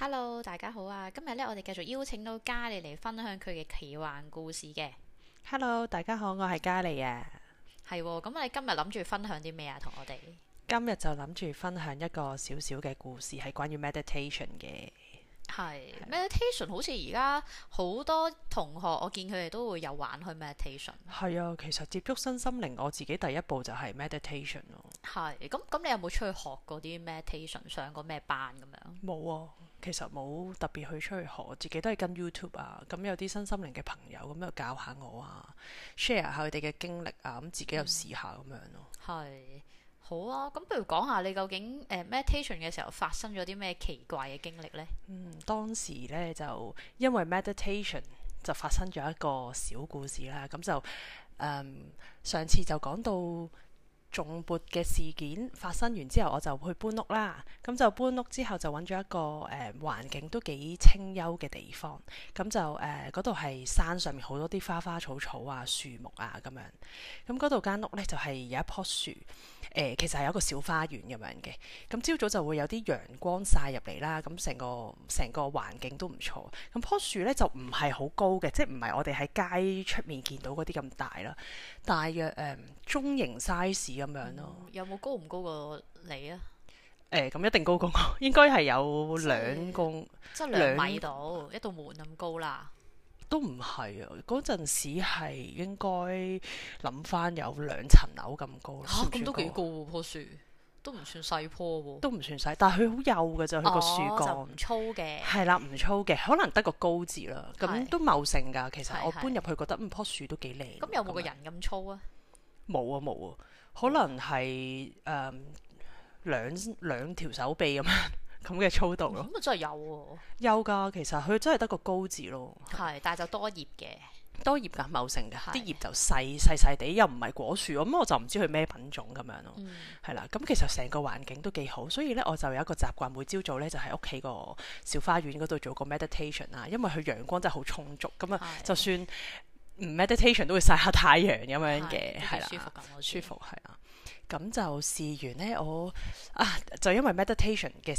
hello，大家好啊！今日咧，我哋繼續邀請到嘉莉嚟分享佢嘅奇幻故事嘅。hello，大家好，我係嘉莉啊。係咁、哦，你今日諗住分享啲咩啊？同我哋今日就諗住分享一個少少嘅故事，係關於 meditation 嘅。係是吧 meditation，好似而家好多同學，我見佢哋都會有玩去 meditation。係啊，其實接觸身心靈，我自己第一步就係 meditation 咯。係咁咁，你有冇出去學過啲 meditation？上過咩班咁樣？冇啊。其實冇特別去出去學，我自己都係跟 YouTube 啊，咁、嗯、有啲身心靈嘅朋友咁就、嗯、教下我啊，share 下佢哋嘅經歷啊，咁自己又試下咁樣咯。係、嗯，好啊。咁不如講下你究竟誒、呃、meditation 嘅時候發生咗啲咩奇怪嘅經歷呢？嗯，當時呢，就因為 meditation 就發生咗一個小故事啦。咁就誒、嗯、上次就講到。重撥嘅事件發生完之後，我就去搬屋啦。咁、嗯、就搬屋之後，就揾咗一個誒環、呃、境都幾清幽嘅地方。咁、嗯、就誒嗰度係山上面，好多啲花花草草啊、樹木啊咁樣。咁嗰度間屋呢，就係、是、有一棵樹。誒、呃，其實係有一個小花園咁樣嘅。咁、嗯、朝早就會有啲陽光曬入嚟啦。咁、嗯、成個成個環境都唔錯。咁、嗯、棵樹呢，就唔係好高嘅，即係唔係我哋喺街出面見到嗰啲咁大啦。大約誒、嗯、中型 size 咁樣咯、啊嗯，有冇高唔高過你啊？誒、欸，咁一定高過我，應該係有兩公，即係兩米到兩一道門咁高啦。都唔係啊，嗰陣時係應該諗翻有兩層樓咁高啦，咁、啊、都幾高棵、那個、樹。都唔算細棵喎、啊，都唔算細，但係佢好幼噶啫。佢個樹幹就唔粗嘅，係啦，唔 粗嘅，可能得個高字啦。咁是都茂盛噶。其實我搬入去覺得樹，嗯是，棵樹都幾靚。咁有冇個人咁粗啊？冇啊，冇啊，可能係誒兩兩條手臂咁 樣咁嘅粗度咯。咁啊，真係有，有噶。其實佢真係得個高字咯，係是，但係就多葉嘅。多葉夾茂盛嘅，啲的葉就細細細地，又唔係果樹，咁我就唔知佢咩品種咁樣咯。係啦、嗯，咁其實成個環境都幾好，所以咧我就有一個習慣，每朝早咧就喺屋企個小花園嗰度做個 meditation 啊，因為佢陽光真係好充足，咁啊的就算唔 meditation 都會晒下太陽咁樣嘅，係啦，舒服咁，的我舒服係啊。咁就試完咧，我啊就因為 meditation 嘅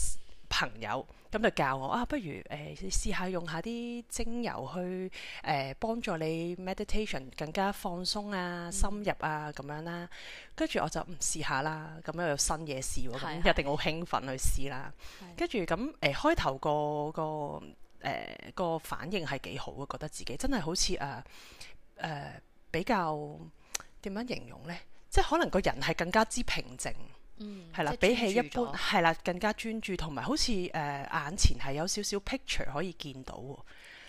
朋友。咁就教我啊，不如誒、呃、試，試用下用下啲精油去誒、呃、幫助你 meditation 更加放鬆啊、深入啊咁樣啦、啊。跟住我就唔試下啦，咁樣有新嘢試，咁是的 一定好興奮去試啦。跟住咁誒開頭、嗰個、嗰個誒個、呃、反應係幾好啊，覺得自己真係好似誒誒比較點樣形容呢？即係可能個人係更加之平靜。嗯，係啦的，比起一般係啦，更加專注同埋，好似誒、呃、眼前係有少少 picture 可以見到喎。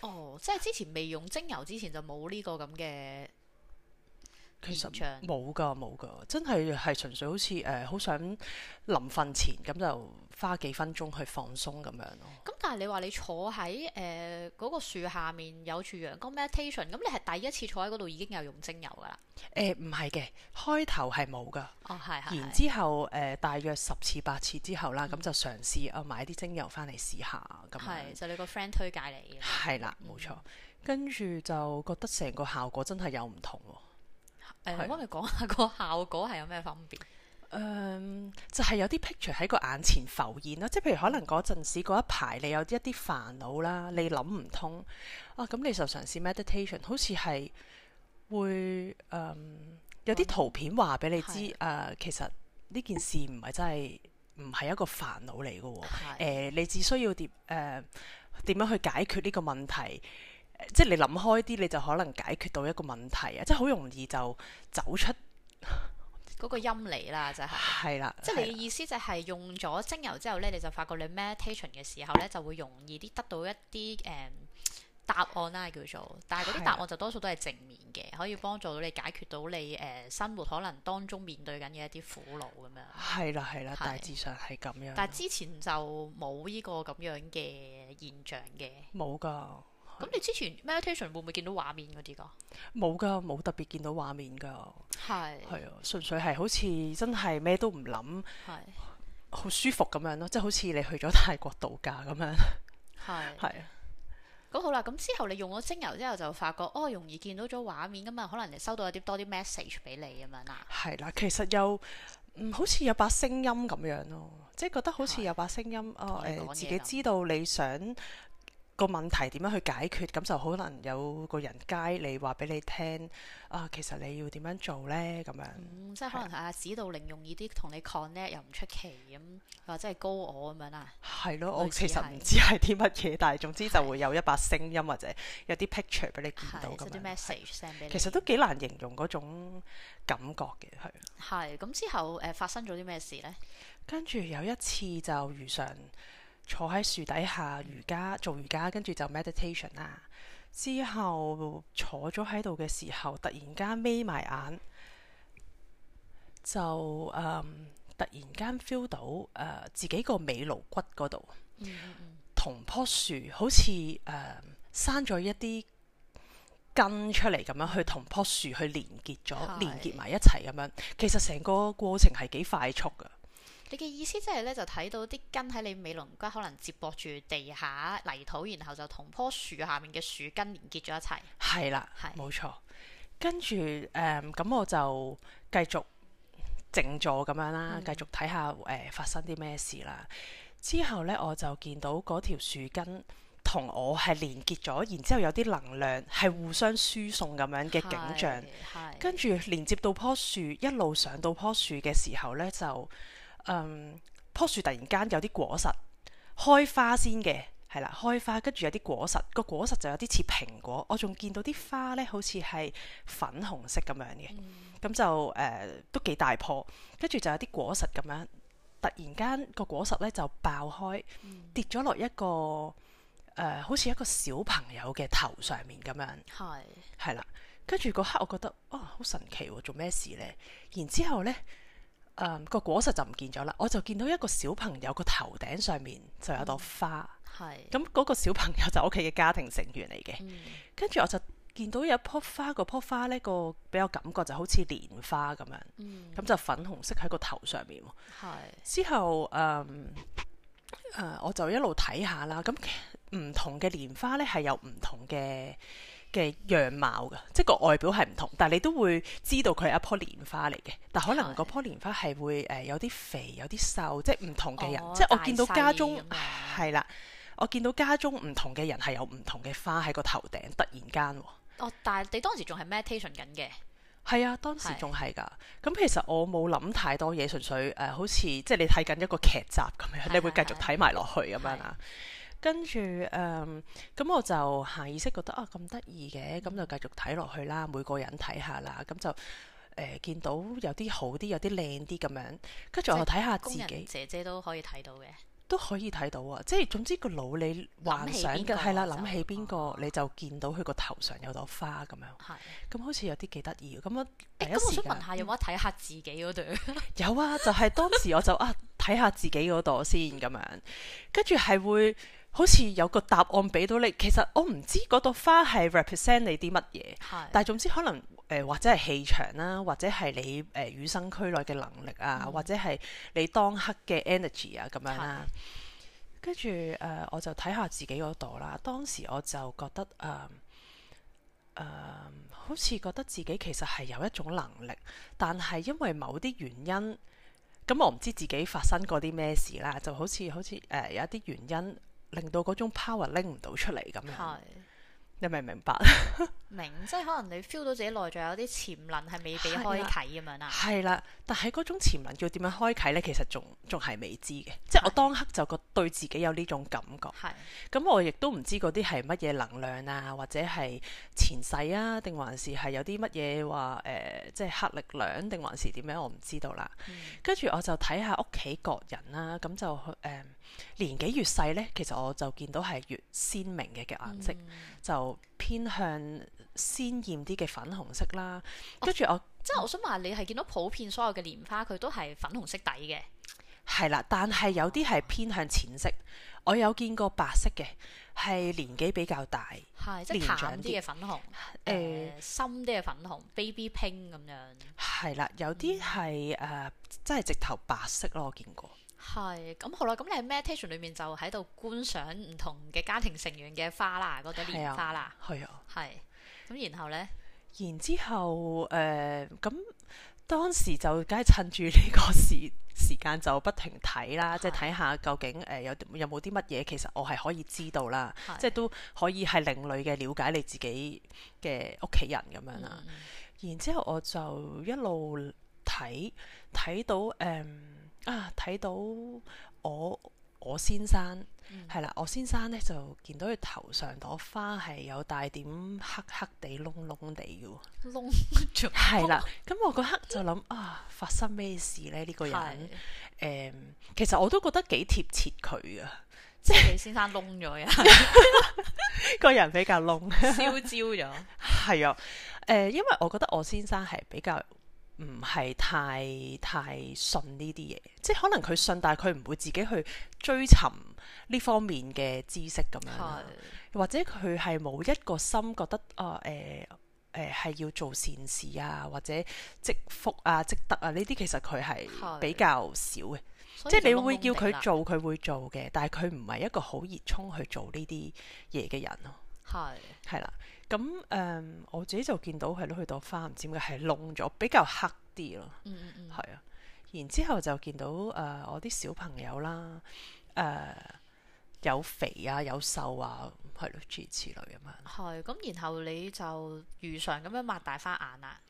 哦，即係之前未用精油之前就冇呢個咁嘅。其實冇噶，冇噶，真係係純粹好似誒，好、呃、想臨瞓前咁就花幾分鐘去放鬆咁樣咯。咁但係你話你坐喺誒嗰個樹下面有住陽光 meditation，咁你係第一次坐喺嗰度已經有用精油噶啦？誒、呃，唔係嘅，開頭係冇噶。哦，係。然之後誒的、呃，大約十次、八次之後啦，咁、嗯、就嘗試我買啲精油翻嚟試下。咁係就你個 friend 推介你。係啦，冇錯。跟住就覺得成個效果真係有唔同喎。誒，哎嗯、我哋講下個效果係有咩分別？誒、嗯，就係、是、有啲 picture 喺個眼前浮現咯，即係譬如可能嗰陣時嗰一排你有一啲煩惱啦，你諗唔通啊，咁你就嘗試 meditation，好似係會誒、嗯嗯、有啲圖片話俾你知誒，其實呢件事唔係真係唔係一個煩惱嚟㗎喎，誒的、呃，你只需要點誒點樣去解決呢個問題？即係你諗開啲，你就可能解決到一個問題啊！即係好容易就走出嗰 個陰嚟啦，就係、是。係啦，即係你嘅意思就係、是、啦用咗精油之後呢，你就發覺你 meditation 嘅時候呢，就會容易啲得到一啲誒、嗯、答案啦，叫做。但係嗰啲答案就多數都係正面嘅，啦可以幫助到你解決到你誒、呃、生活可能當中面對緊嘅一啲苦惱咁樣。係啦係啦，大致上係咁樣是。但係之前就冇呢個咁樣嘅現象嘅。冇噶。咁、嗯、你之前 meditation 會唔會見到畫面嗰啲噶？冇噶，冇特別見到畫面噶。係係啊，純粹係好似真係咩都唔諗，係好是舒服咁樣咯，即係好似你去咗泰國度假咁樣。係係啊。咁 是好啦，咁之後你用咗精油之後就發覺，哦，容易見到咗畫面噶嘛？可能你收到一啲多啲 message 俾你咁樣啦。係啦，其實又、嗯、好似有把聲音咁樣咯，即係覺得好似有把聲音，的哦誒、呃，自己知道你想個問題點樣去解決？咁就可能有個人街你話俾你聽啊，其實你要點樣做呢？咁樣，嗯、即係可能啊，指導靈容易啲同你 connect 又唔出奇咁，或者係高我咁樣啊？係咯，我其實唔知係啲乜嘢，但係總之就會有一把聲音或者有啲 picture 俾你見到啲 message send 俾你。其實都幾難形容嗰種感覺嘅，係。係，咁之後誒、呃、發生咗啲咩事呢？跟住有一次就如常。 坐喺樹底下瑜伽做瑜伽，跟住就 meditation 啦。之後坐咗喺度嘅時候，突然間眯埋眼，就誒、嗯、突然間 feel 到誒、呃、自己個尾龍骨度，嗯嗯同棵樹好似誒、呃、生咗一啲根出嚟咁樣去同棵樹去連結咗，是連結埋一齊咁樣，其實成個過程係幾快速噶。你嘅意思即係咧，就睇到啲根喺你尾龍骨可能接駁住地下泥土，然後就同棵樹下面嘅樹根連結咗一齊。係啦了，係冇錯。跟住誒，咁、嗯、我就繼續靜坐咁樣啦，繼、嗯、續睇下誒、呃、發生啲咩事啦。之後呢，我就見到嗰條樹根同我係連結咗，然之後有啲能量係互相輸送咁樣嘅景象。係，跟住連接到棵樹，一路上到棵樹嘅時候呢，就。嗯，棵樹突然間有啲果實開花先嘅，係啦開花，跟住有啲果實，個果實就有啲似蘋果。我仲見到啲花呢，好似係粉紅色咁樣嘅，咁、嗯、就誒、呃、都幾大棵，跟住就有啲果實咁樣。突然間個果實呢就爆開，跌咗落一個誒、呃，好似一個小朋友嘅頭上面咁樣。係係啦，跟住嗰刻我覺得，哦，好神奇、哦，做咩事呢？然之後呢。誒個、嗯、果實就唔見咗啦，我就見到一個小朋友個頭頂上面就有一朵花。係咁，嗰個小朋友就屋企嘅家庭成員嚟嘅。跟住、嗯、我就見到有一棵花，嗰棵花呢，個比較感覺就好似蓮花咁樣，咁、嗯、就粉紅色喺個頭上面喎，是之後誒誒、嗯呃、我就一路睇下啦，咁唔同嘅蓮花呢係有唔同嘅嘅樣貌㗎，即係個外表係唔同，但係你都會知道佢係一棵蓮花嚟嘅。但可能嗰樖蓮花係會誒、呃、有啲肥，有啲瘦，即係唔同嘅人。哦、即係我見到家中係啦，我見到家中唔同嘅人係有唔同嘅花喺個頭頂，突然間。哦，但係你當時仲係 meditation 緊嘅。係啊，當時仲係㗎。咁的其實我冇諗太多嘢，純粹誒、呃、好似即係你睇緊一個劇集咁樣，你會繼續睇埋落去咁樣啊。的的跟住誒，咁、嗯、我就下意識覺得啊，咁得意嘅，咁就繼續睇落去啦，每個人睇下啦，咁就誒、呃、見到有啲好啲，有啲靚啲咁樣。跟住我睇下自己，姐姐都可以睇到嘅，都可以睇到啊！即係總之個腦你幻想嘅係啦，諗起邊個你就見到佢個頭上有朵花咁樣。係。咁好似有啲幾得意喎！咁我第一時間，咁我想問下有冇得睇下自己嗰朵？ 有啊，就係、是、當時我就啊睇下自己嗰朵先咁樣，跟住係會。好似有個答案俾到你。其實我唔知嗰朵花係 represent 你啲乜嘢，是但係總之可能誒、呃，或者係氣場啦、啊，或者係你誒與、呃、生俱來嘅能力啊，嗯、或者係你當刻嘅 energy 啊咁樣啦、啊。跟住誒，我就睇下自己嗰度啦。當時我就覺得誒、呃呃、好似覺得自己其實係有一種能力，但係因為某啲原因咁、嗯，我唔知自己發生過啲咩事啦。就好似好似誒、呃，有一啲原因。令到嗰種 power 拎唔到出嚟咁樣，的你明唔明白？ 明白，即係可能你 feel 到自己內在有啲潛能係未被開啟咁的樣啦。係啦，但係嗰種潛能要點樣開啟呢？其實仲仲係未知嘅，即係我當刻就覺對自己有呢種感覺。係的，咁我亦都唔知嗰啲係乜嘢能量啊，或者係前世啊，定還是係有啲乜嘢話誒，即係黑力量定還是點樣？我唔知道啦。跟住、嗯、我就睇下屋企各人啦、啊，咁就去誒。嗯年紀越細呢，其實我就見到係越鮮明嘅嘅顏色，就偏向鮮艷啲嘅粉紅色啦。跟住我，即係我想話你，係見到普遍所有嘅蓮花，佢都係粉紅色底嘅？係啦，但係有啲係偏向淺色，我有見過白色嘅，係年紀比較大，即係淡啲嘅粉紅，誒深啲嘅粉紅，baby pink 咁樣。係啦，有啲係誒，即係直頭白色咯，我見過。係咁好啦，咁你喺 meditation 裏面就喺度觀賞唔同嘅家庭成員嘅花啦，嗰朵花啦，係啊，係咁然後呢？然之後誒，咁當時就梗係趁住呢個時時間就不停睇啦，是即係睇下究竟誒有有冇啲乜嘢，其實我係可以知道啦，是即係都可以係另類嘅了解你自己嘅屋企人咁樣啦。嗯，然之後我就一路睇睇到誒。嗯啊！睇到我我先生係啦，我先生咧、嗯、就見到佢頭上朵花係有帶點黑黑地燶燶地嘅，燶咗係啦。咁了 我嗰刻就諗啊，發生咩事咧？呢、這個人誒的、嗯，其實我都覺得幾貼切佢啊，即係你先生燶咗呀， 個人比較燶，燒焦咗，係啊，誒，因為我覺得我先生係比較。唔係太太信呢啲嘢，即係可能佢信，但係佢唔會自己去追尋呢方面嘅知識咁樣，的或者佢係冇一個心覺得啊誒誒係要做善事啊，或者積福啊、積德啊呢啲，其實佢係比較少嘅。的即係你會叫佢做，佢會做嘅，但係佢唔係一個好熱衷去做呢啲嘢嘅人咯、啊。係係啦。咁誒、嗯，我自己就見到係咯，去朵花唔知點解係窿咗，比較黑啲咯。嗯嗯嗯，係啊。然之後就見到誒、呃，我啲小朋友啦，誒、呃、有肥啊，有瘦啊，係咯、啊，諸如此類咁樣。係 咁樂，然後你就如常咁樣擘大花眼啦。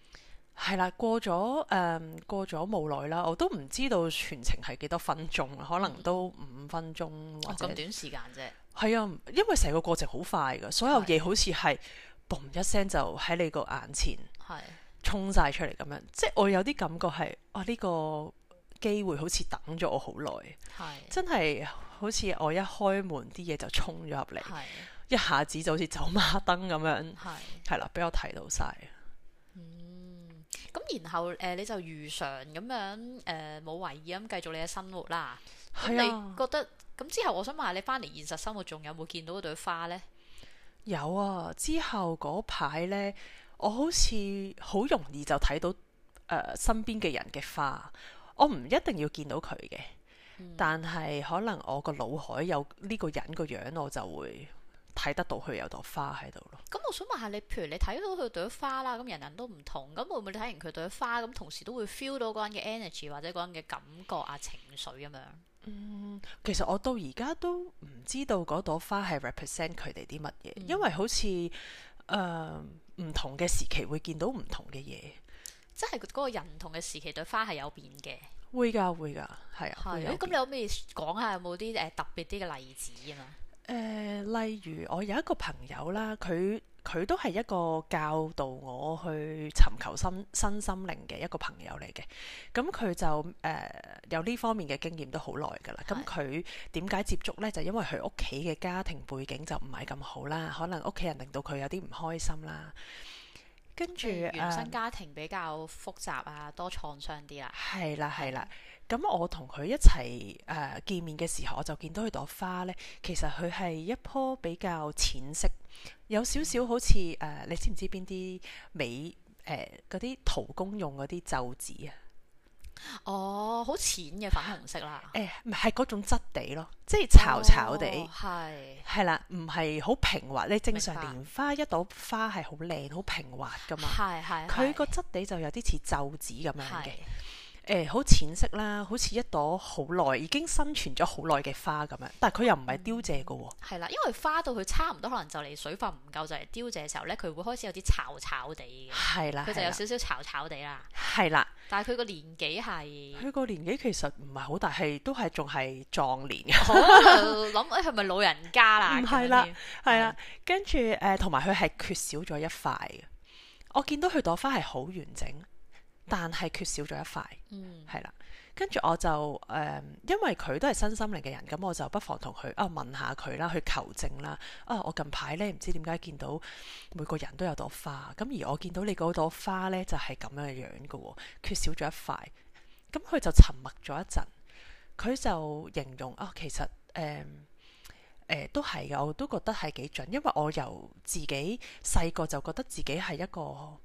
係啦，過咗誒、嗯，過咗冇耐啦，我都唔知道全程係幾多分鐘，可能都五分鐘或者咁、嗯哦、短時間啫。係啊，因為成個過程好快㗎，所有嘢好似係。對 嘣一聲就喺你個眼前，係是衝晒出嚟咁樣，即係我有啲感覺係，哇呢個機會好似等咗我是好耐，係真係好似我一開門啲嘢就衝咗入嚟，係是一下子就好似走馬燈咁樣，係係是啦，俾我睇到晒，嗯，咁然後誒、呃、你就如常咁樣誒冇懷疑咁繼續你嘅生活啦，係啊，你覺得咁之後我想問下你翻嚟現實生活仲有冇見到嗰朵花咧？有啊，之後嗰排咧，我好似好容易就睇到誒、呃、身邊嘅人嘅花，我唔一定要見到佢嘅，嗯、但係可能我個腦海有呢個人個樣，我就會睇得到佢有朵花喺度咯。咁我想問下你，譬如你睇到佢朵花啦，咁人人都唔同，咁會唔會你睇完佢朵花，咁同時都會 feel 到嗰人嘅 energy 或者嗰人嘅感覺啊情緒咁樣？嗯，其實我到而家都。唔知道嗰朵花係 represent 佢哋啲乜嘢？嗯、因為好似誒唔同嘅時期會見到唔同嘅嘢，即係嗰個人同嘅時期對花係有變嘅。會㗎，的會㗎，係啊、欸。係啊可可。咁你可唔可以講下？有冇啲誒特別啲嘅例子啊？誒、呃，例如我有一個朋友啦，佢。佢都係一個教導我去尋求身、身心靈嘅一個朋友嚟嘅，咁佢就誒、呃、有呢方面嘅經驗都好耐㗎喇。咁佢點解接觸呢？就因為佢屋企嘅家庭背景就唔係咁好啦，可能屋企人令到佢有啲唔開心啦。跟住原生家庭比較複雜啊，多創傷啲啦。係啦、嗯，係啦。咁我同佢一齊誒、呃、見面嘅時候，我就見到佢朵花呢。其實佢係一棵比較淺色，有少少好似誒、呃，你知唔知邊啲美誒嗰啲陶工用嗰啲皺紙啊？哦，好淺嘅粉紅色啦、欸，誒，係嗰種質地咯，即係巢巢地，係係、哦、啦，唔係好平滑。你正常蓮花一朵花係好靚、好平滑噶嘛？係係，佢個質地就有啲似皺紙咁樣嘅。對.誒好、欸、淺色啦，好似一朵好耐已經生存咗好耐嘅花咁樣，但係佢又唔係凋謝嘅喎。係啦、嗯，因為花到佢差唔多，可能就嚟水分唔夠，就係凋謝嘅時候咧，佢會開始有啲嘈嘈地嘅。係啦，佢就有少少嘈嘈地啦。係啦，但係佢個年紀係佢個年紀其實唔係好大，係都係仲係壯年嘅。我諗誒，係咪、 欸、老人家啦？唔係啦，係啊、嗯。跟住誒，同埋佢係缺少咗一塊嘅。我見到佢朵花係好完整。但係缺少咗一塊，係啦、嗯，跟住我就誒、嗯，因為佢都係身心靈嘅人，咁我就不妨同佢啊，問下佢啦，去求證啦。啊，我近排咧唔知點解見到每個人都有朵花，咁而我見到你嗰朵花咧就係、是、咁樣嘅樣㗎，缺少咗一塊。咁、嗯、佢就沉默咗一陣，佢就形容啊，其實誒誒、嗯、呃、都係嘅，我都覺得係幾準，因為我由自己細個就覺得自己係一個。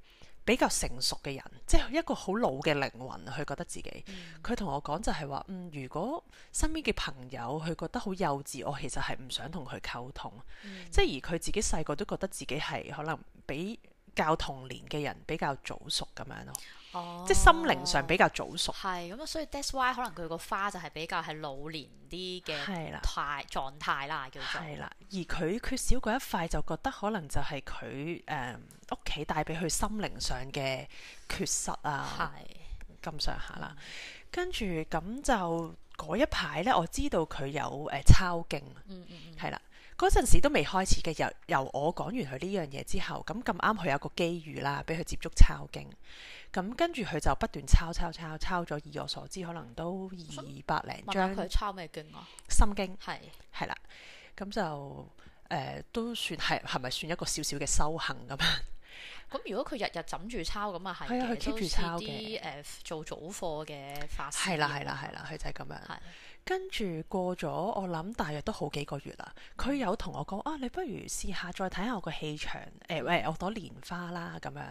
比較成熟嘅人，即係一個好老嘅靈魂，佢覺得自己，佢同、嗯、我講就係話，嗯，如果身邊嘅朋友佢覺得好幼稚，我其實係唔想同佢溝通，嗯、即係而佢自己細個都覺得自己係可能比。較童年嘅人比較早熟咁樣咯。哦、即係心靈上比較早熟，係咁，所以 that's why 可能佢個花就係比較係老年啲嘅態啦狀態啦，叫做。係啦，而佢缺少嗰一塊就覺得可能就係佢誒屋企帶俾佢心靈上嘅缺失啊，係咁上下啦。跟住咁就嗰一排呢，我知道佢有誒、呃、抄經，嗯嗯係、嗯、啦。嗰陣時都未開始嘅，由由我講完佢呢樣嘢之後，咁咁啱佢有個機遇啦，俾佢接觸抄經，咁跟住佢就不斷抄抄抄抄咗，以我所知可能都二百零張。佢抄咩經啊？心經係係啦，咁是就誒、呃、都算係係咪算一個小小嘅修行咁啊？咁如果佢日日枕住抄咁啊係佢 keep 住抄嘅。啲誒、呃、做早課嘅法師。係啦係啦係啦，佢就係咁樣。跟住過咗，我諗大約都好幾個月啦。佢有同我講啊，你不如試下再睇下我個氣場，誒、呃、喂、呃，我朵蓮花啦咁樣。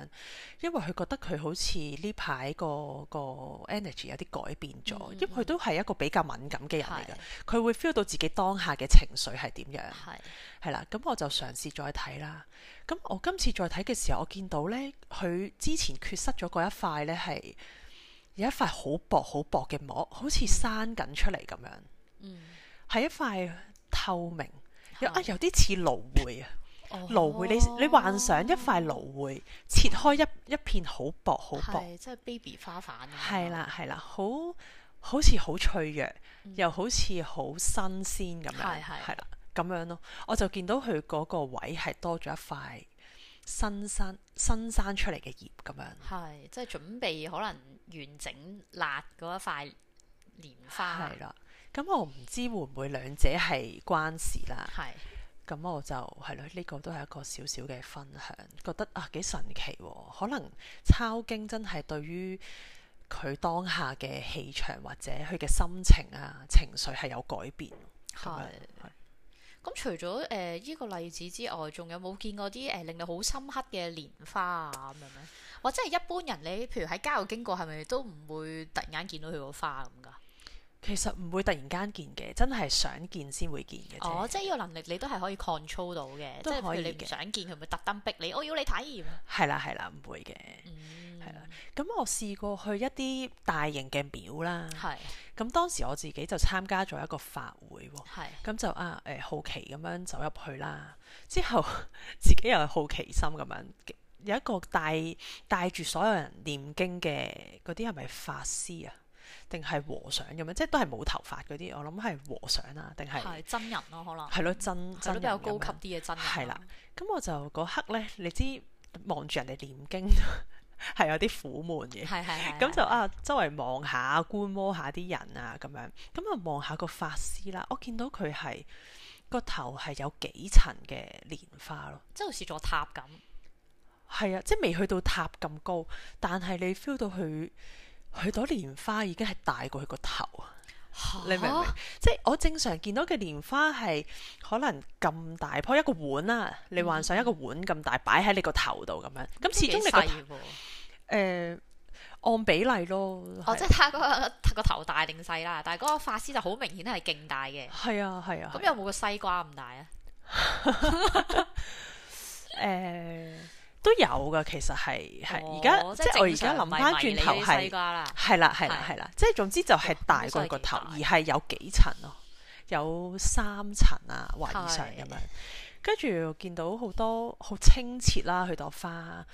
因為佢覺得佢好似呢排個個 energy 有啲改變咗，嗯、因為佢都係一個比較敏感嘅人嚟嘅。佢是會 feel 到自己當下嘅情緒係點樣。係係是啦，咁我就嘗試再睇啦。咁我今次再睇嘅時候，我見到咧，佢之前缺失咗嗰一塊咧係。有一塊好薄、好薄嘅膜，嗯、好似生緊出嚟咁樣。嗯，係一塊透明，有啊，的有啲似蘆薈啊。蘆薈、哦，你你幻想一塊蘆薈切開一一片好薄、好薄一，好薄、好薄，即係 baby 花瓣啊。係啦，係啦，好好似好脆弱，嗯、又好似好新鮮咁樣。係係係啦，咁的樣咯。我就見到佢嗰個位係多咗一塊新生新生出嚟嘅葉咁樣。係即係準備可能。完整辣嗰一塊蓮花、 啊、會會係啦，咁我唔知會唔會兩者係關事啦。係，咁我就係咯，呢、啊這個都係一個小小嘅分享，覺得啊幾神奇、啊，可能抄經真係對於佢當下嘅氣場或者佢嘅心情啊情緒係有改變。係對。咁、嗯、除咗誒依個例子之外，仲有冇見過啲誒、呃、令你好深刻嘅蓮花啊咁樣咧？或者係一般人你譬如喺街度經過，係咪都唔會突然間見到佢個花咁噶？其實唔會突然間見嘅，真係想見先會見嘅。哦，是即係呢個能力你都係可以 control 到嘅，即係譬如你唔想見佢，咪特登逼你，我要你體驗。係、嗯、啦，係啦，唔會嘅。嗯係啦，咁我試過去一啲大型嘅廟啦。係，咁當時我自己就參加咗一個法會係，咁就啊，誒，好奇咁樣走入去啦。之後自己又係好奇心咁樣，有一個帶帶住所有人念經嘅嗰啲係咪法師啊？定係和尚咁樣？即係都係冇頭髮嗰啲，我諗係和尚啦，定係真人咯？可能係咯，真真比較高級啲嘅真人。係啦，咁我就嗰刻咧，你知望住人哋念經。係有啲苦悶嘅的，咁就啊周圍望下、觀摩下啲人啊，咁樣咁啊望下個法師啦。我見到佢係個頭係有幾層嘅蓮花咯，即係好似座塔咁。係啊，即係未去到塔咁高，但係你 feel 到佢去到蓮花已經係大過佢個頭啊！你明唔明？即係我正常見到嘅蓮花係可能咁大棵一個碗啦、啊，嗯、你幻想一個碗咁大擺喺你個頭度咁樣，咁、嗯、始終你個。誒，按比例咯，哦，即係睇下嗰個個頭大定細啦，但係嗰個法師就好明顯係勁大嘅，係啊係啊，咁有冇個西瓜咁大啊？誒，都有噶，其實係係而家即係我而家諗翻轉頭係西瓜啦，係啦係啦係啦，即係總之就係大過個頭，而係有幾層咯，有三層啊，或以上咁樣。跟住見到好多好清澈啦，佢朵花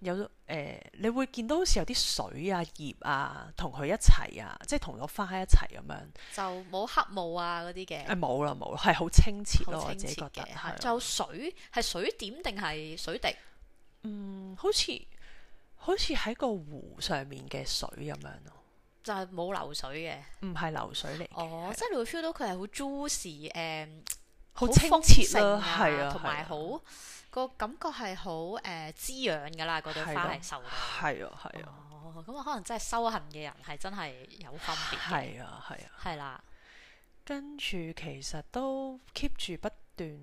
有誒、呃，你會見到好似有啲水啊、葉啊，同佢一齊啊，即係同朵花一齊咁樣，就冇黑霧啊嗰啲嘅，誒冇啦冇啦，係好清澈咯，我自己覺得、啊、就水係水點定係水滴？嗯，好似好似喺個湖上面嘅水咁樣咯、啊，就係冇流水嘅，唔係流水嚟。哦，即係的、哦、你會 feel 到佢係好 juicy 誒好清盛啊，係 啊，同埋好個感覺係好誒滋養噶啦，嗰朵花係受到係啊係啊，咁啊，啊哦、可能真係修行嘅人係真係有分別嘅，係啊係啊，係啦、啊，啊啊、跟住其實都 keep 住不斷。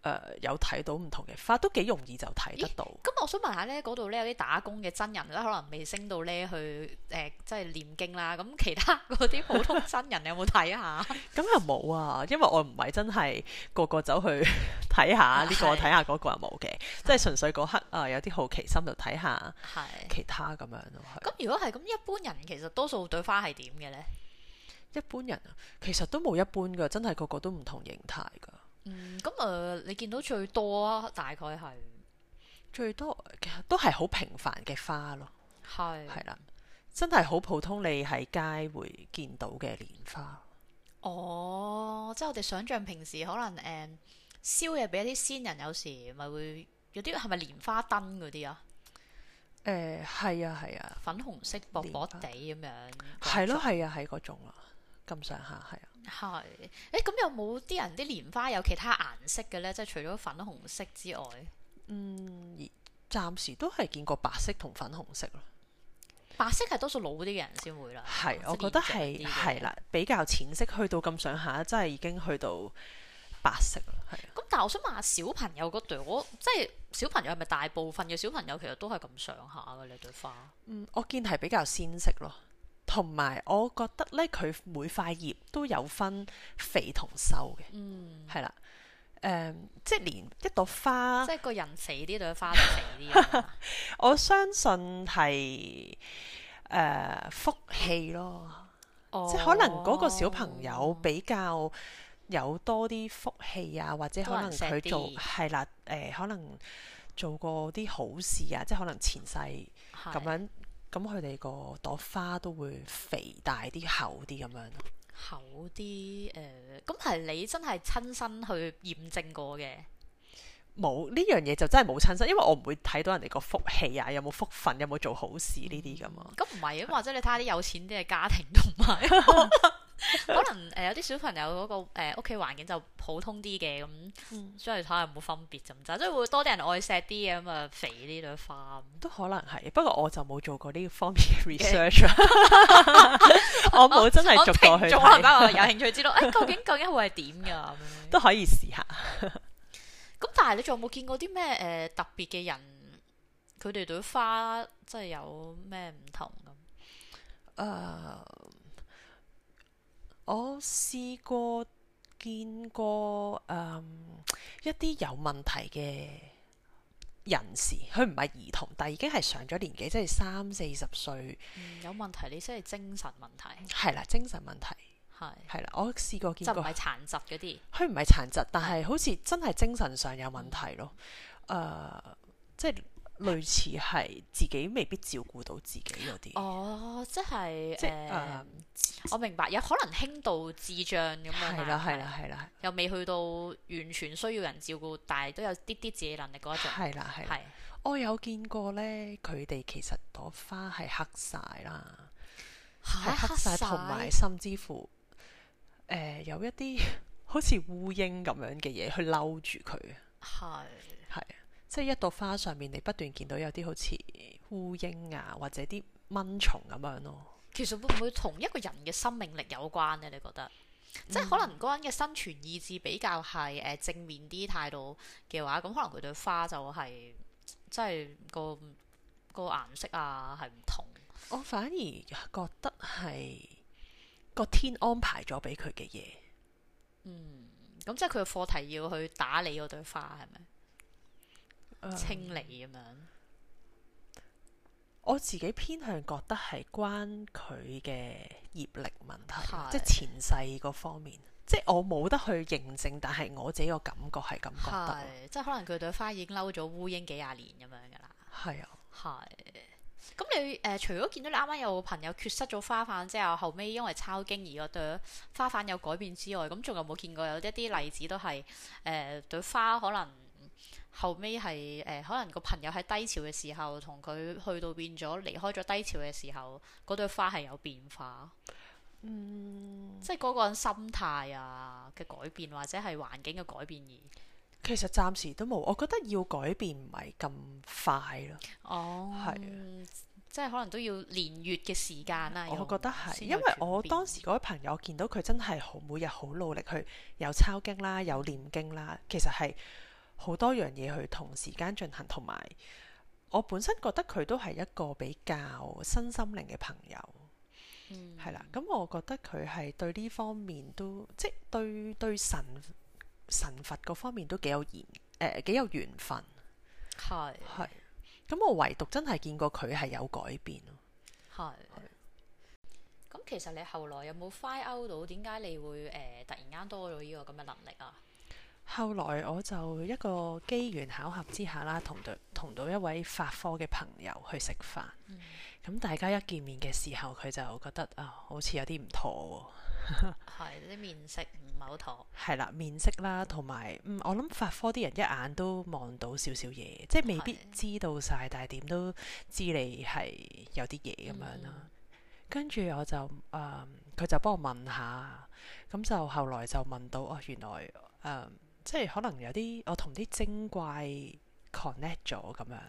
誒、呃，有睇到唔同嘅花，都幾容易就睇得到。咁我想問下呢嗰度呢，有啲打工嘅真人咧，可能未升到呢去誒，即、呃、係、即係、念經啦。咁其他嗰啲普通真人 你有冇睇下？咁又冇啊，因為我唔係真係個個走去睇下呢個睇下嗰個，係冇嘅。即係純粹嗰刻啊、呃，有啲好奇心就睇下係其他咁樣咯。咁如果係咁，一般人其實多數對花係點嘅呢？一般人啊，其實都冇一般噶，真係個個都唔同形態噶。嗯，咁啊、呃，你見到最多啊，大概係最多，都係好平凡嘅花咯，係係啦，真係好普通，你喺街會見到嘅蓮花。哦，即係我哋想象平時可能誒，燒嘢俾一啲先人，有時咪會有啲係咪蓮花燈嗰啲啊？誒，係啊，係啊，粉紅色薄薄地咁花樣，係咯，係啊，係嗰種啦。咁上下係啊，係，誒，咁有冇啲人啲蓮花有其他顏色嘅呢？即係除咗粉紅色之外，嗯，暫時都係見過白色同粉紅色咯。白色係多數老啲嘅人先會啦。係是，哦、我覺得係係啦，比較淺色，去到咁上下，真係已經去到白色啦。係、啊，咁、嗯、但係我想問下小朋友嗰，我，我，即係小朋友係咪大部分嘅小朋友其實都係咁上下嘅呢朵花？嗯，我見係比較鮮色咯。同埋，我覺得咧，佢每塊葉都有分肥同瘦嘅，係啦、嗯，誒、嗯，即係連一朵花，即係個人肥啲，朵花都肥啲。 我相信係誒、呃、福氣咯，哦、即係可能嗰個小朋友比較有多啲福氣啊，哦、或者可能佢做係啦，誒、呃，可能做過啲好事啊，即係可能前世咁樣。咁佢哋個朵花都會肥大啲、厚啲咁樣咯，厚啲誒，咁、呃、係你真係親身去驗證過嘅？冇呢樣嘢就真係冇親身，因為我唔會睇到人哋個福氣啊，有冇福分，有冇做好事呢啲咁啊？咁唔係啊，或者你睇下啲有錢啲嘅家庭同埋。 有 可能誒，有啲小朋友嗰、那個誒屋企環境就普通啲嘅咁，所、嗯嗯、以睇下有冇分別就唔得，即、就、係、是、會多啲人愛錫啲咁啊，肥呢朵花都可能係。不過我就冇做過呢方面 research，我冇真係逐個去睇。仲係 有興趣知道，哎、究竟究竟會係點㗎？ 都可以試下。咁 但係你仲有冇見過啲咩誒特別嘅人？佢哋朵花即係有咩唔同咁？誒。 我試過見過誒、嗯、一啲有問題嘅人士，佢唔係兒童，但係已經係上咗年紀，即係三四十歲、嗯。有問題，你即係精神問題。係啦，精神問題。係係啦，我試過見過就唔係殘疾嗰啲。佢唔係殘疾，但係好似真係精神上有問題咯。誒、呃，即係。類似係自己未必照顧到自己嗰啲。哦，即係誒，呃呃、自我明白，有可能輕度智障咁樣啦。係啦，係啦，係啦，又未去到完全需要人照顧，但係都有啲啲自己能力嗰一種。係啦，係。的我有見過咧，佢哋其實朵花係黑晒啦，係、啊、黑晒，同埋甚至乎誒有一啲好似烏蠅咁樣嘅嘢去嬲住佢。係。即係一朵花上面，你不斷見到有啲好似烏蠅啊，或者啲蚊蟲咁樣咯。其實會唔會同一個人嘅生命力有關呢？你覺得？嗯、即係可能嗰個人嘅生存意志比較係誒正面啲態度嘅話，咁可能佢對花就係、是、即係個個顏色啊係唔同。我反而覺得係個天安排咗俾佢嘅嘢。嗯，咁即係佢嘅課題要去打理嗰對花係咪？清理咁樣，我自己偏向覺得係關佢嘅業力問題，是即係前世個方面。即係我冇得去認證，但係我自己個感覺係咁覺得。即係可能佢朵花已經嬲咗烏蠅幾廿年咁樣噶啦。係啊，係。咁你誒、呃，除咗見到你啱啱有個朋友缺失咗花瓣之後，後尾因為抄經而個朵花瓣有改變之外，咁仲有冇見過有一啲例子都係誒朵花可能？後尾係誒，可能個朋友喺低潮嘅時候，同佢去到變咗離開咗低潮嘅時候，嗰對花係有變化，嗯，即係嗰個人心態啊嘅改變，或者係環境嘅改變而。其實暫時都冇，我覺得要改變唔係咁快咯。哦，係的、嗯，即係可能都要年月嘅時間啦、啊。嗯、用我覺得係，因為我當時嗰位朋友我見到佢真係好每日好努力去，有抄經啦，有念經啦，其實係。好多樣嘢去同時間進行，同埋我本身覺得佢都係一個比較身心靈嘅朋友，嗯，係啦。咁我覺得佢係對呢方面都，即係對對神神佛各方面都幾有緣，誒、呃，幾有緣分，係係是。咁我唯獨真係見過佢係有改變咯，係是。咁是其實你後來有冇 find out 到？點解你會誒、呃、突然間多咗呢個咁嘅能力啊？後來我就一個機緣巧合之下啦，同到同到一位法科嘅朋友去食飯，咁、嗯、大家一見面嘅時候，佢就覺得啊，好似有啲唔妥喎、啊，係 啲面色唔係好妥，係啦，面色啦，同埋、嗯、我諗法科啲人一眼都望到少少嘢，即係未必知道晒是但係點都知你係有啲嘢咁樣啦。跟住我就啊，佢就幫我問下，咁、啊、就後來就問到哦、啊，原來誒。啊啊啊啊啊啊啊啊即係可能有啲我同啲精怪 connect 咗咁樣，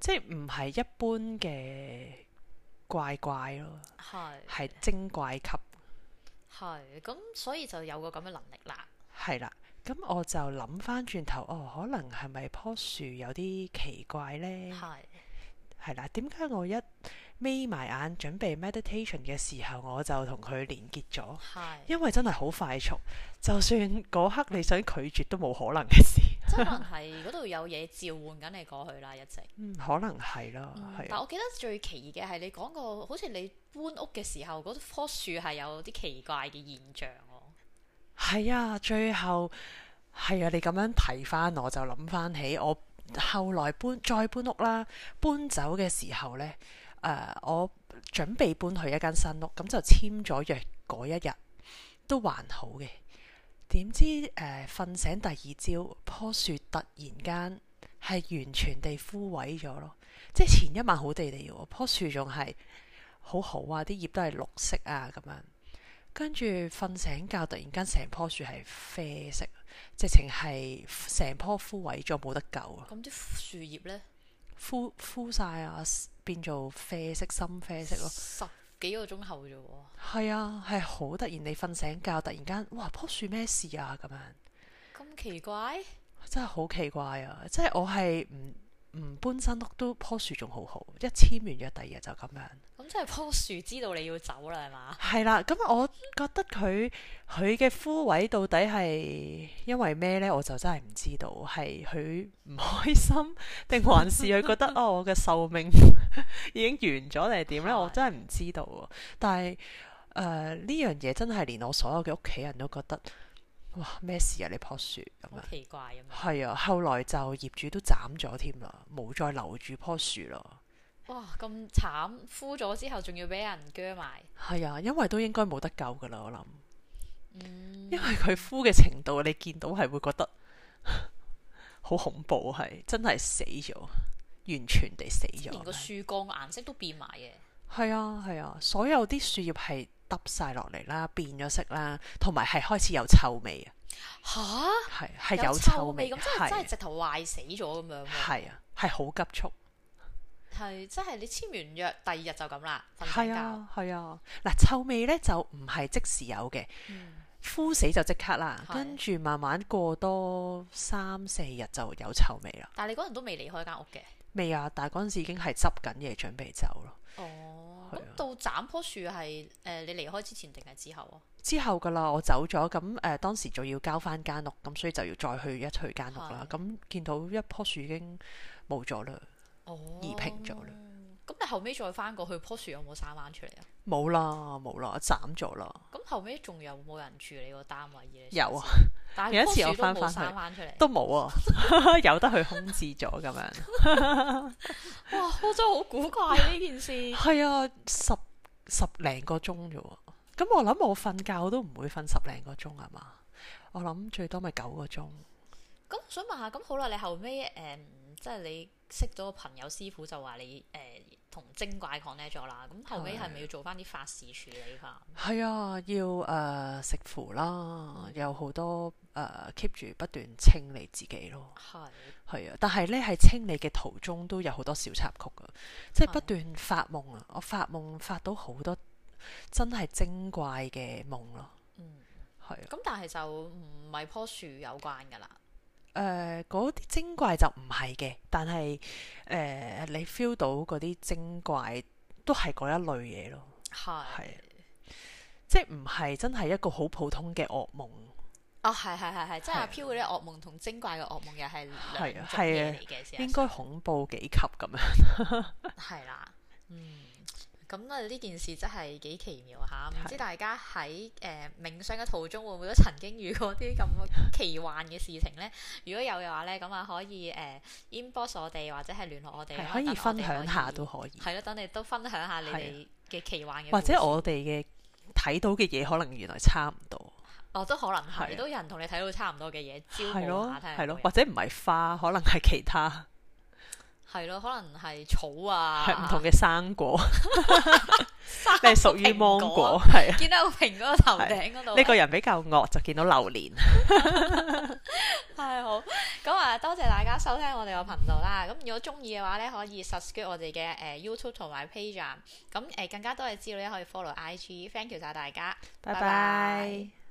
即係唔係一般嘅怪怪咯，係係精怪級，係咁所以就有個咁嘅能力啦。係啦，咁我就諗翻轉頭，哦，可能係咪樖樹有啲奇怪呢？係係啦，點解我一？眯埋眼準備 meditation 嘅時候，我就同佢連結咗，的因為真係好快速，就算嗰刻你想拒絕都冇可能嘅事。嗯、 真能係嗰度有嘢召喚緊你過去啦，一直，嗯、可能係咯，係、嗯。的但我記得最奇異嘅係，你講個好似你搬屋嘅時候，嗰棵樹係有啲奇怪嘅現象。係啊，最後係啊，你咁樣提翻，我就諗翻起，我後來搬再搬屋啦，搬走嘅時候呢。誒，uh, 我準備搬去一間新屋，咁就簽咗約嗰一日都還好嘅。點知誒，瞓醒第二朝，棵樹突然間係完全地枯萎咗咯。即係前一晚好地地，棵樹仲係好好啊，啲葉都係綠色啊，咁樣。跟住瞓醒覺，突然間成棵樹係啡色，直情係成棵枯萎咗，冇得救啊！咁啲樹葉呢？敷枯曬啊，變做啡色、深啡色咯。十幾個鐘後啫喎。係啊，係好突然，你瞓醒覺，突然間，哇！棵樹咩事啊？咁樣。咁奇怪。真係好奇怪啊！即係我係唔。唔搬新屋都棵樹仲好好，一簽完約第二日就咁樣。咁即係棵樹知道你要走啦，係嘛？係啦，咁我覺得佢佢嘅枯萎到底係因為咩呢？我就真係唔知道，係佢唔開心定還是佢覺得 哦，我嘅壽命已經完咗定係點呢？ 我真係唔知道。但係誒呢樣嘢真係連我所有嘅屋企人都覺得。哇！咩事啊？呢棵樹咁樣奇怪，係啊，後來就業主都斬咗添啦，冇再留住棵樹咯。哇！咁慘，枯咗之後，仲要俾人鋸埋。係啊，因為都應該冇得救噶啦，我諗。嗯。因為佢枯嘅程度，你見到係會覺得好 恐怖，係真係死咗，完全地死咗。連個樹幹個顏色都變埋嘅。係啊係啊，啊，所有啲樹葉係耷晒落嚟啦，變咗色啦，同埋係開始有臭味啊！吓係係有臭味咁，味是真係真係直頭壞死咗咁樣，係啊，係好急促，係即係你簽完約第二日就咁啦，瞓醒覺，係啊嗱、啊呃，臭味咧就唔係即時有嘅，枯、嗯、死就即刻啦，跟住、啊、慢慢過多三四日就有臭味啦。但係你嗰陣都未離開間屋嘅？未啊！但係嗰陣時已經係執緊嘢準備走咯。哦。咁、嗯、到斬棵樹係誒、呃、你離開之前定係之後啊？之後噶啦，我走咗，咁誒、呃、當時就要交翻間屋，咁所以就要再去一去間屋啦。咁的見到一棵樹已經冇咗啦，哦、移平咗啦。咁你、嗯、後尾再翻過去棵樹有冇生翻出嚟啊？冇啦，冇啦，斬咗啦。咁後尾仲有冇人住你個單位有啊，第是一次又翻翻嚟。出都冇啊，由 得去空置咗咁樣。 哇，真係好古怪呢 件事。係啊，十十零個鐘啫喎。咁我諗我瞓覺都唔會瞓十零個鐘係嘛。我諗最多咪九個鐘。咁想問下，咁好啦，你後尾，誒、呃，即係你識咗個朋友師傅就，就話你誒同精怪 connect 咗啦。咁後尾係咪要做翻啲法事處理下？係啊，要誒、呃、食符啦，有好多誒 keep 住不斷清理自己咯。係係啊，但係咧係清理嘅途中都有好多小插曲噶，即係不斷發夢啊！係啊我發夢發到好多真係精怪嘅夢咯。嗯，係啊。咁但係就唔係樖樹有關噶啦。誒，嗰啲、呃、精怪就唔係嘅，但係誒、呃、你 feel 到嗰啲精怪都係嗰一類嘢咯，係是，即係唔係真係一個好普通嘅噩夢。哦，係係係係，是即係阿飄嗰啲噩夢同精怪嘅噩夢又係係啊係啊，是是應該恐怖幾級咁樣，係 啦，嗯。咁啊，呢、嗯、件事真係幾奇妙吓，唔知大家喺誒、呃、冥想嘅途中會唔會都曾經遇過啲咁嘅奇幻嘅事情咧？ 如果有嘅話咧，咁啊可以誒、呃、inbox 我哋或者係聯絡我哋，是可以分享下都可以。係咯，等你都分享，下你，分享下你哋嘅奇幻嘅，或者我哋嘅睇到嘅嘢可能原來差唔多。 哦，都可能係的都有人同你睇到差唔多嘅嘢，招呼係咯，或者唔係花，可能係其他。係咯，可能係草啊，係唔同嘅生果，你係屬於芒果，係啊，見到蘋果個頭頂嗰度。呢個人比較惡就見到榴蓮，係好。咁啊，多謝大家收聽我哋嘅頻道啦。咁如果中意嘅話咧，可以 subscribe 我哋嘅誒 YouTube 同埋 page 啊。咁誒更加多嘅資料咧，可以 follow IG，thank you 晒大家，拜拜。